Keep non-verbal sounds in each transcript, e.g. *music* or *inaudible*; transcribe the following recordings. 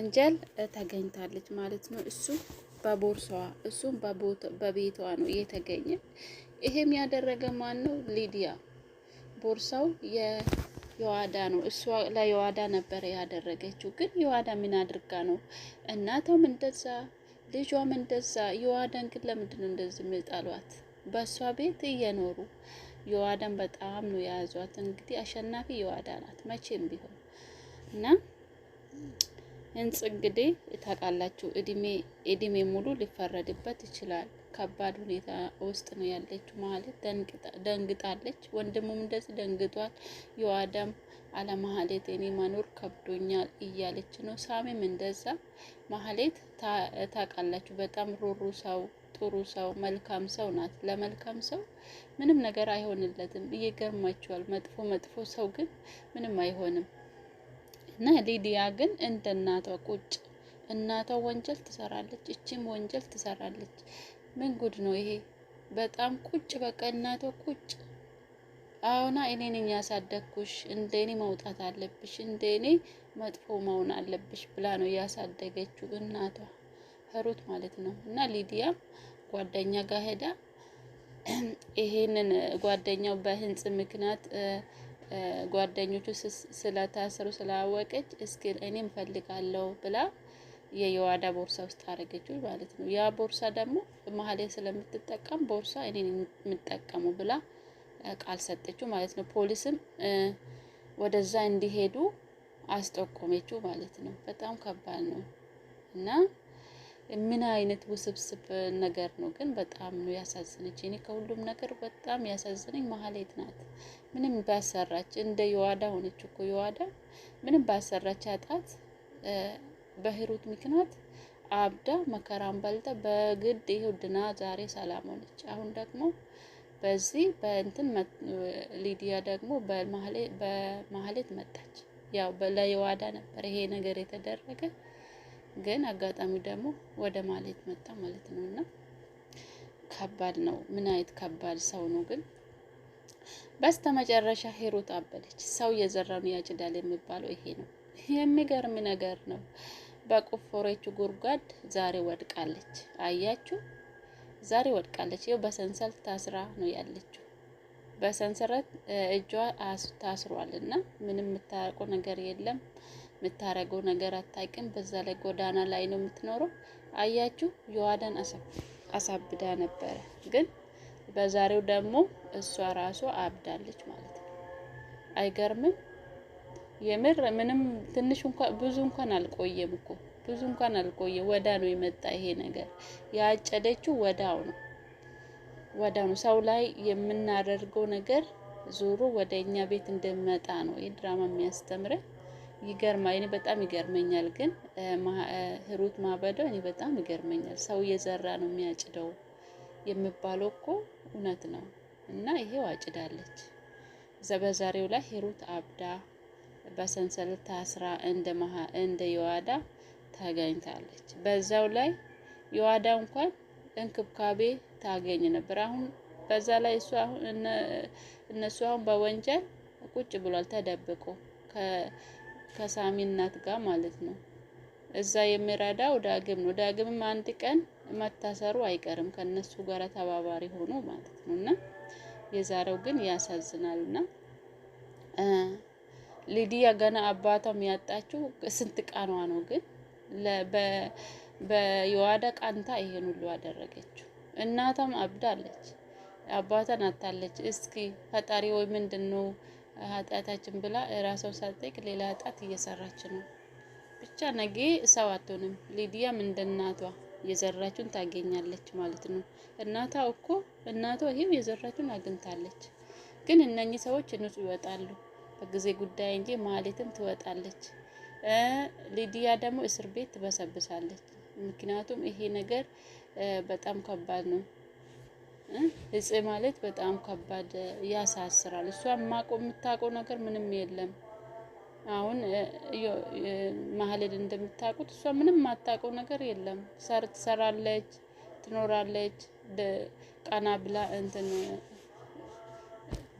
ወንጀል ተገኝታለች ማለት ነው። እሱም በቦርሳዋ እሱም በቤቷ ነው የተገኘ። ይሄም ያደረገ ማን ነው? ሊዲያ ቦርሳው የዋዳ ነው። እሷ ለየዋዳ ነበረ ያደረገችው። ግን የዋዳ ምን አድርጋ ነው? እናቷም እንደዛ ልጇም እንደዛ። የዋዳን ግን ለምንድን ነው እንደዚህ የሚጣሏት? በእሷ ቤት እየኖሩ የዋዳን በጣም ነው የያዟት። እንግዲህ አሸናፊ የዋዳ ናት መቼም ቢሆን እና ህንጽ እንግዲህ ታውቃላችሁ እድሜ ሙሉ ሊፈረድበት ይችላል። ከባድ ሁኔታ ውስጥ ነው ያለችው ማለት ደንግጣለች። ወንድሙም እንደዚህ ደንግጧል። የዋደም አለመሀሌት እኔ መኖር ከብዶኛል እያለች ነው። ሳሜም እንደዛ ማህሌት ታውቃላችሁ፣ በጣም ሩሩ ሰው፣ ጥሩ ሰው፣ መልካም ሰው ናት። ለመልካም ሰው ምንም ነገር አይሆንለትም። እየገርማችኋል። መጥፎ መጥፎ ሰው ግን ምንም አይሆንም። እና ሊዲያ ግን እንደ እናቷ ቁጭ እናቷ ወንጀል ትሰራለች፣ እችም ወንጀል ትሰራለች። ምን ጉድ ነው ይሄ? በጣም ቁጭ በቃ እናቷ ቁጭ። አሁና እኔ ነኝ ያሳደግኩሽ፣ እንደ እኔ መውጣት አለብሽ፣ እንደ እኔ መጥፎ መሆን አለብሽ ብላ ነው ያሳደገችው እናቷ ሩት ማለት ነው። እና ሊዲያ ጓደኛ ጋር ሄዳ *clears throat* ይሄንን ጓደኛው በህንጽ ምክንያት ጓደኞቹ ስለታሰሩ ስላወቀች እስኪ እኔም ፈልጋለሁ ብላ የየዋዳ ቦርሳ ውስጥ አረገችው ማለት ነው። ያ ቦርሳ ደግሞ መሀል ስለምትጠቀም ቦርሳ እኔ የምጠቀሙ ብላ ቃል ሰጠችው ማለት ነው። ፖሊስም ወደዛ እንዲሄዱ አስጠቆመችው ማለት ነው። በጣም ከባድ ነው እና ምን አይነት ውስብስብ ነገር ነው ግን በጣም ነው ያሳዝነች። እኔ ከሁሉም ነገር በጣም ያሳዝነኝ መሀሌት ናት። ምንም ባሰራች እንደ የዋዳ ሆነች እኮ የዋዳ ምንም ባሰራች አጣት በሂሩት ምክንያት አብዳ መከራን በልታ በግድ ይሄው ድና ዛሬ ሰላም ሆነች። አሁን ደግሞ በዚህ በእንትን ሊዲያ ደግሞ በመሀሌት መጣች። ያው ለየዋዳ ነበር ይሄ ነገር የተደረገ ግን አጋጣሚ ደግሞ ወደ ማለት መጣ ማለት ነው። እና ከባድ ነው። ምን አይነት ከባድ ሰው ነው ግን በስተ መጨረሻ ሂሩት አበደች። ሰው የዘራውን ያጭዳል የሚባለው ይሄ ነው። የሚገርም ነገር ነው። በቆፈረችው ጉድጓድ ዛሬ ወድቃለች። አያችሁ፣ ዛሬ ወድቃለች። ይኸው በሰንሰለት ታስራ ነው ያለችው። በሰንሰለት እጇ ታስሯል እና ምንም የምታረቀው ነገር የለም። የምታረገው ነገር አታውቅም። በዛ ላይ ጎዳና ላይ ነው የምትኖረው። አያችሁ የዋዳን አሳብዳ ነበረ፣ ግን በዛሬው ደግሞ እሷ ራሷ አብዳለች ማለት ነው። አይገርምም? የምር ምንም ትንሽ እንኳን ብዙ እንኳን አልቆየም እኮ ብዙ እንኳን አልቆየም። ወዳ ነው የመጣ ይሄ ነገር ያጨደችው ወዳው ነው ወዳ ነው። ሰው ላይ የምናደርገው ነገር ዞሮ ወደ እኛ ቤት እንደመጣ ነው ይህ ድራማ የሚያስተምረን። ይገርማል። እኔ በጣም ይገርመኛል። ግን ሂሩት ማበደው እኔ በጣም ይገርመኛል። ሰው እየዘራ ነው የሚያጭደው የሚባለው እኮ እውነት ነው። እና ይሄው አጭዳለች። በዛሬው ላይ ሂሩት አብዳ በሰንሰለት ታስራ እንደ መሃ እንደ የዋዳ ታገኝታለች። በዛው ላይ የዋዳ እንኳን እንክብካቤ ታገኝ ነበር። አሁን በዛ ላይ እሱ አሁን እነሱ አሁን በወንጀል ቁጭ ብሏል ተደብቆ ከሳሚ እናት ጋር ማለት ነው። እዛ የሚረዳው ዳግም ነው። ዳግምም አንድ ቀን መታሰሩ አይቀርም ከነሱ ጋር ተባባሪ ሆኖ ማለት ነው። እና የዛሬው ግን ያሳዝናል። እና ሊዲያ ገና አባቷም ያጣችው ስንት ቀኗ ነው ግን በየዋዳ ቃንታ ይሄን ሁሉ አደረገችው። እናቷም አብዳለች፣ አባቷን አታለች። እስኪ ፈጣሪ ወይ ምንድን ነው ኃጢአታችን ብላ ራሰው ሳጠቅ ሌላ ኃጢአት እየሰራች ነው። ብቻ ነገ ሰው አትሆንም። ሊዲያም እንደ እናቷ የዘራችሁን ታገኛለች ማለት ነው። እናቷ እኮ እናቷ ይህም የዘራችሁን አግኝታለች። ግን እነኚህ ሰዎች ንጹህ ይወጣሉ በጊዜ ጉዳይ እንጂ ማለትም ትወጣለች። ሊዲያ ደግሞ እስር ቤት ትበሰብሳለች። ምክንያቱም ይሄ ነገር በጣም ከባድ ነው። እጽ ማለት በጣም ከባድ ያሳስራል። እሷ ማቆ የምታውቀው ነገር ምንም የለም። አሁን ማህሌት እንደምታውቁት እሷ ምንም የማታውቀው ነገር የለም። ሰር ትሰራለች፣ ትኖራለች። ቀና ብላ እንትን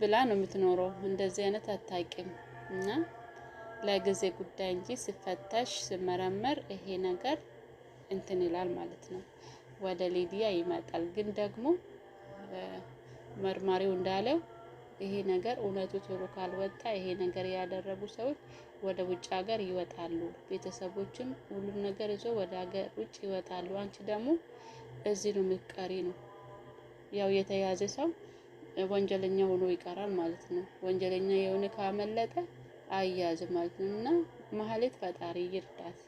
ብላ ነው የምትኖረው። እንደዚህ አይነት አታውቂም እና ለጊዜ ጉዳይ እንጂ ስፈተሽ ስመረመር ይሄ ነገር እንትን ይላል ማለት ነው። ወደ ሊዲያ ይመጣል ግን ደግሞ መርማሪው እንዳለው ይሄ ነገር እውነቱ ቶሎ ካልወጣ ይሄ ነገር ያደረጉ ሰዎች ወደ ውጭ ሀገር ይወጣሉ። ቤተሰቦችም ሁሉም ነገር ይዞ ወደ ሀገር ውጭ ይወጣሉ። አንቺ ደግሞ እዚህ ነው የምትቀሪ ነው። ያው የተያዘ ሰው ወንጀለኛ ሆኖ ይቀራል ማለት ነው። ወንጀለኛ የሆነ ካመለጠ አያዝም ማለት ነው። እና ማህሌት ፈጣሪ ይርዳት።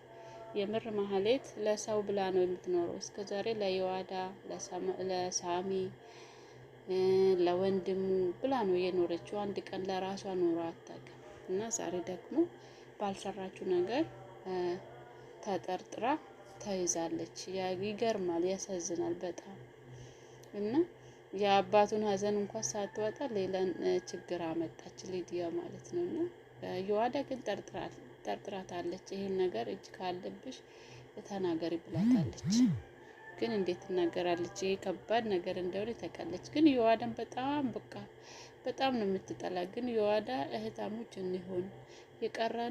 የምር ማህሌት ለሰው ብላ ነው የምትኖረው። እስከዛሬ ለየዋዳ ለሳሚ ለወንድሙ ብላ ነው የኖረችው። አንድ ቀን ለራሷ ኖሮ አታውቅም። እና ዛሬ ደግሞ ባልሰራችው ነገር ተጠርጥራ ተይዛለች። ይገርማል፣ ያሳዝናል በጣም እና የአባቱን ሀዘን እንኳን ሳትወጣ ሌላን ችግር አመጣች ሊዲያ ማለት ነው። እና የዋዳ ግን ጠርጥራታለች። ይህን ነገር እጅ ካለብሽ ተናገሪ ብላታለች። ግን እንዴት ትናገራለች? ይሄ ከባድ ነገር እንደሆነ ታውቃለች። ግን የዋዳን በጣም በቃ በጣም ነው የምትጠላ። ግን የዋዳ እህታሞች እንሆን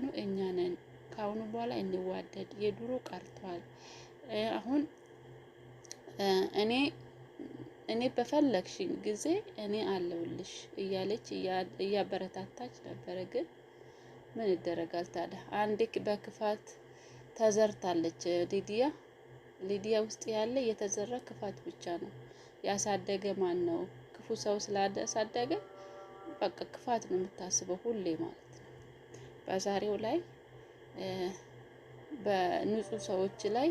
ነው እኛ ነን። ከአሁኑ በኋላ እንዋደድ። የድሮ ቀርቷል። አሁን እኔ እኔ በፈለግሽኝ ጊዜ እኔ አለውልሽ እያለች እያበረታታች ነበረ። ግን ምን ይደረጋል ታዲያ አንዴ በክፋት ተዘርታለች ዲዲያ። ሊዲያ ውስጥ ያለ የተዘራ ክፋት ብቻ ነው። ያሳደገ ማን ነው? ክፉ ሰው ስላሳደገ በቃ ክፋት ነው የምታስበው ሁሌ ማለት ነው። በዛሬው ላይ በንጹህ ሰዎች ላይ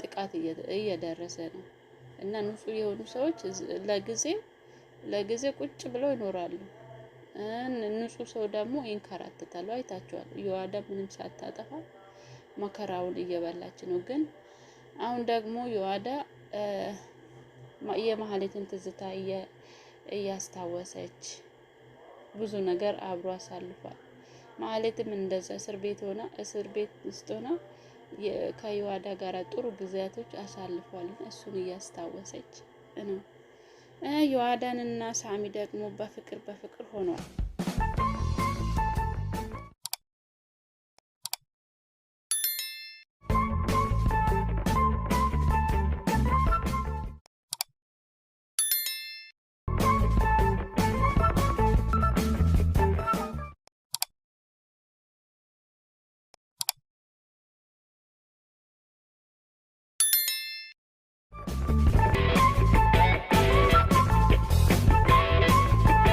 ጥቃት እየደረሰ ነው እና ንጹህ የሆኑ ሰዎች ለጊዜ ለጊዜ ቁጭ ብለው ይኖራሉ። ንጹህ ሰው ደግሞ ይንከራተታሉ። አይታችኋል። ዮአዳ ምንም ሳታጠፋ መከራውን እየበላች ነው ግን አሁን ደግሞ የዋዳ የመሀሌትን ትዝታ እያስታወሰች ብዙ ነገር አብሮ አሳልፏል። መሀሌትም እንደዛ እስር ቤት ሆና እስር ቤት ውስጥ ሆና ከየዋዳ ጋር ጥሩ ጊዜያቶች አሳልፏል። እሱን እያስታወሰች ነው። የዋዳንና ሳሚ ደግሞ በፍቅር በፍቅር ሆኗል።